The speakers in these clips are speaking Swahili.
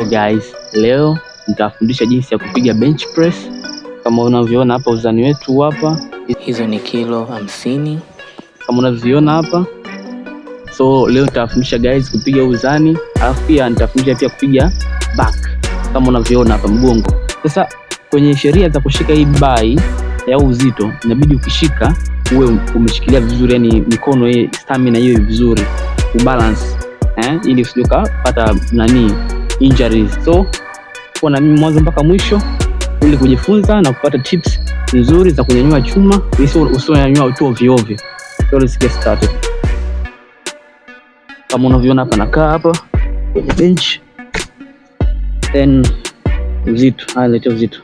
So guys, leo nitafundisha jinsi ya kupiga bench press. Kama unavyoona hapa uzani wetu hapa, hizo ni kilo hamsini kama unavyoona hapa. So leo nitawafundisha guys kupiga uzani, alafu pia nitafundisha pia kupiga back kama unavyoona hapa mgongo. Sasa kwenye sheria za kushika hii bai ya uzito, inabidi ukishika uwe umeshikilia vizuri, yani mikono hii eh, stamina hiyo vizuri, ubalance eh, ili usije ukapata nani injuries. So kuwa na mimi mwanzo mpaka mwisho ili kujifunza na kupata tips nzuri za kunyanyua chuma usionyanyua tu ovyo ovyo. So let's get started. Kama unavyoona hapa, nakaa hapa kwenye bench then uzito, ah, letea uzito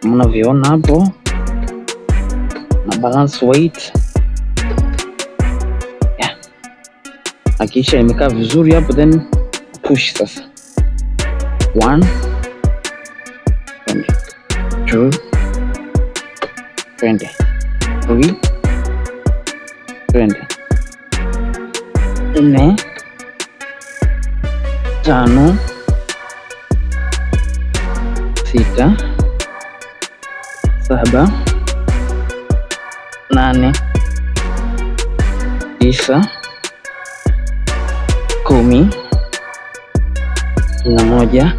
Kama mnavyoona hapo na balance weight akiisha imekaa vizuri hapo, then push sasa. One, two, twende, twende, nne, tano, sita, saba, nane, tisa kumi na moja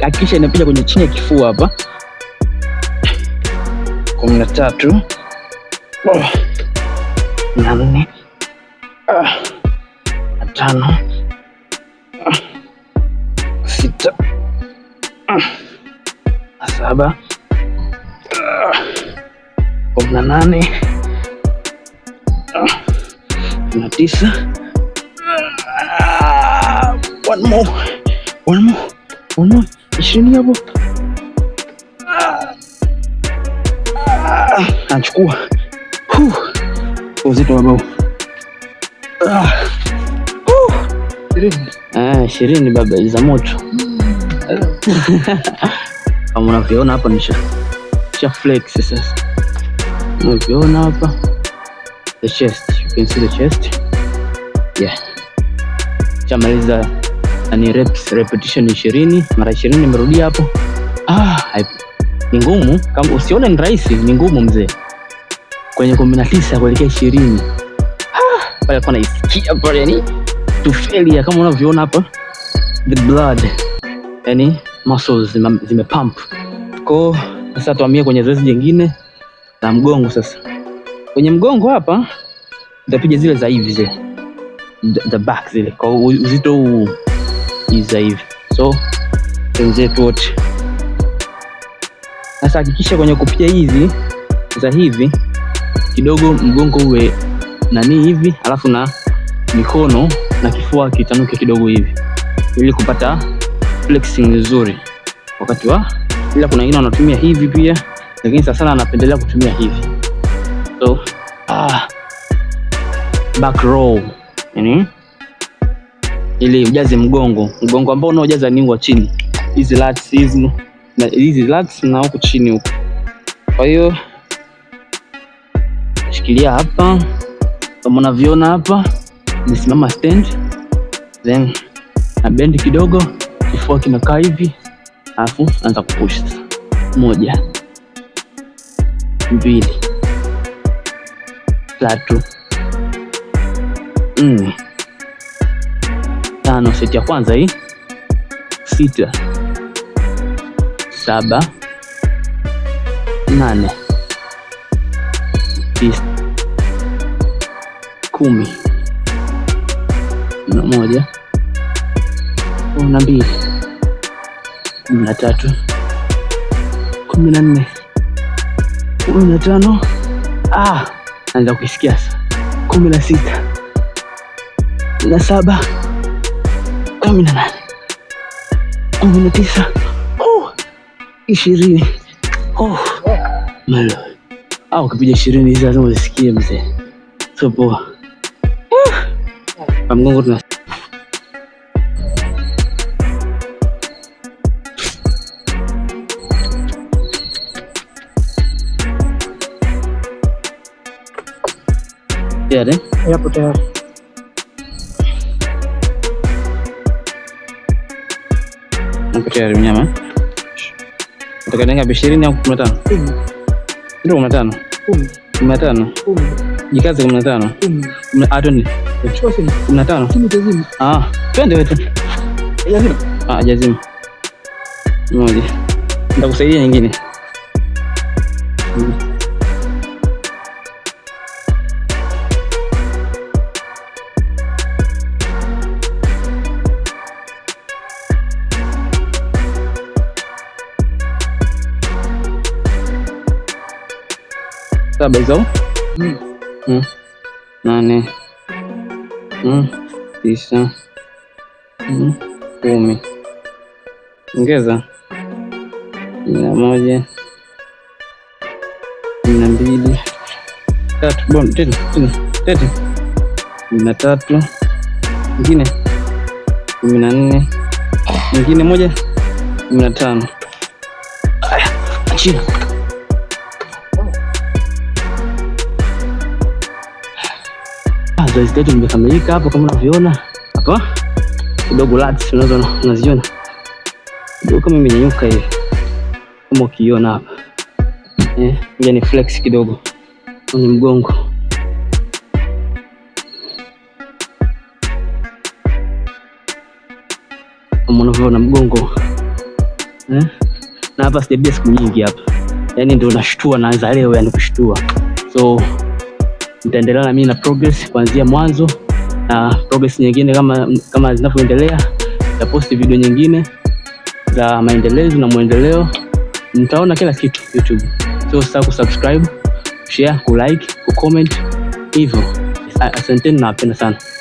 hakikisha inapiga kwenye chini ya kifua hapa, kumi na tatu na nne na tano sita na saba kumi na nane tisa. Ah, one more. One more. One more. 20 hapo. Anachukua ah, ah, uzito wa bao ishirini baba za moto kama unavyoona hapa, ni cha flex sasa. Unavyoona hapa the chest can see the chest. Yeah. Chamaliza ni reps repetition 20 mara 20 nimerudia hapo. Ah, ni ngumu kama usione ni rahisi, ni ngumu mzee. Kwenye 19 kuelekea 20. Ah, pale kuna isikia pale yani tufelia kama unavyoona hapa. The blood. Yani muscles zimepump. Kwa sasa tuamie kwenye zoezi jingine la mgongo sasa. Kwenye mgongo hapa nitapiga zile za hivi zile the back zile kwa uzito huu za hivi. So wenzetu wote sasa, hakikisha kwenye kupiga hizi za hivi kidogo mgongo uwe nani hivi, alafu na mikono na kifua kitanuke kidogo hivi, ili kupata flexing nzuri wakati wa ila. Kuna wengine wanatumia hivi pia, lakini sasa anapendelea kutumia hivi so ah, back row, yani ili ujaze mgongo, mgongo ambao unaojaza ni wa chini, hizi lats hizi na hizi lats na huku chini huku. Kwa hiyo shikilia hapa kama unavyoona hapa, nisimama stand, then na bend kidogo, kifua kinakaa hivi, alafu anza kupush sasa. Moja, mbili, tatu nne Tano, seti ya kwanza hii. Sita, saba, nane, tisa, kumi na moja, kumi na mbili, kumi na tatu, kumi na nne, kumi na tano. Ah, naanza kuisikia sa kumi na sita kumi na saba, kumi na nane, kumi na tisa, oh, ishirini. Oh, malo Au ukipiga ishirini hizi lazima uzisikie mzee, sio poa. Mgongo tuna tayari, yapo tayari. Uko tayari mnyama? Nataka ngapi? Ishirini au kumi na tano? Ndio, kumi na tano. Kumi na tano. Jikaze kumi na tano. Twende. Kumi na tano. Ah, twende wetu. Ah, jazima. Moja. Nitakusaidia nyingine. Saba hizo mm. Mm. nane mm. tisa kumi, ongeza kumi na moja kumi na mbili tatu tete kumi na tatu ingine kumi na nne ingine moja kumi na tano chini zoezi letu limekamilika hapo, kama unavyoona hapa kidogo lats, unaweza unaziona kama imenyanyuka hivi, kama ukiona hapa eh, ni flex kidogo ni mgongo kama unavyoona mgongo eh? na hapa sijabia siku nyingi hapa, yani ndio nashtua, naanza leo yani kushtua so nitaendelea na mimi na progress kuanzia mwanzo na progress nyingine kama, kama zinavyoendelea nitaposti video nyingine za maendelezo na muendeleo, mtaona kila kitu YouTube. So sa kusubscribe, share, kulike, kucomment hivyo. Asanteni na napenda sana.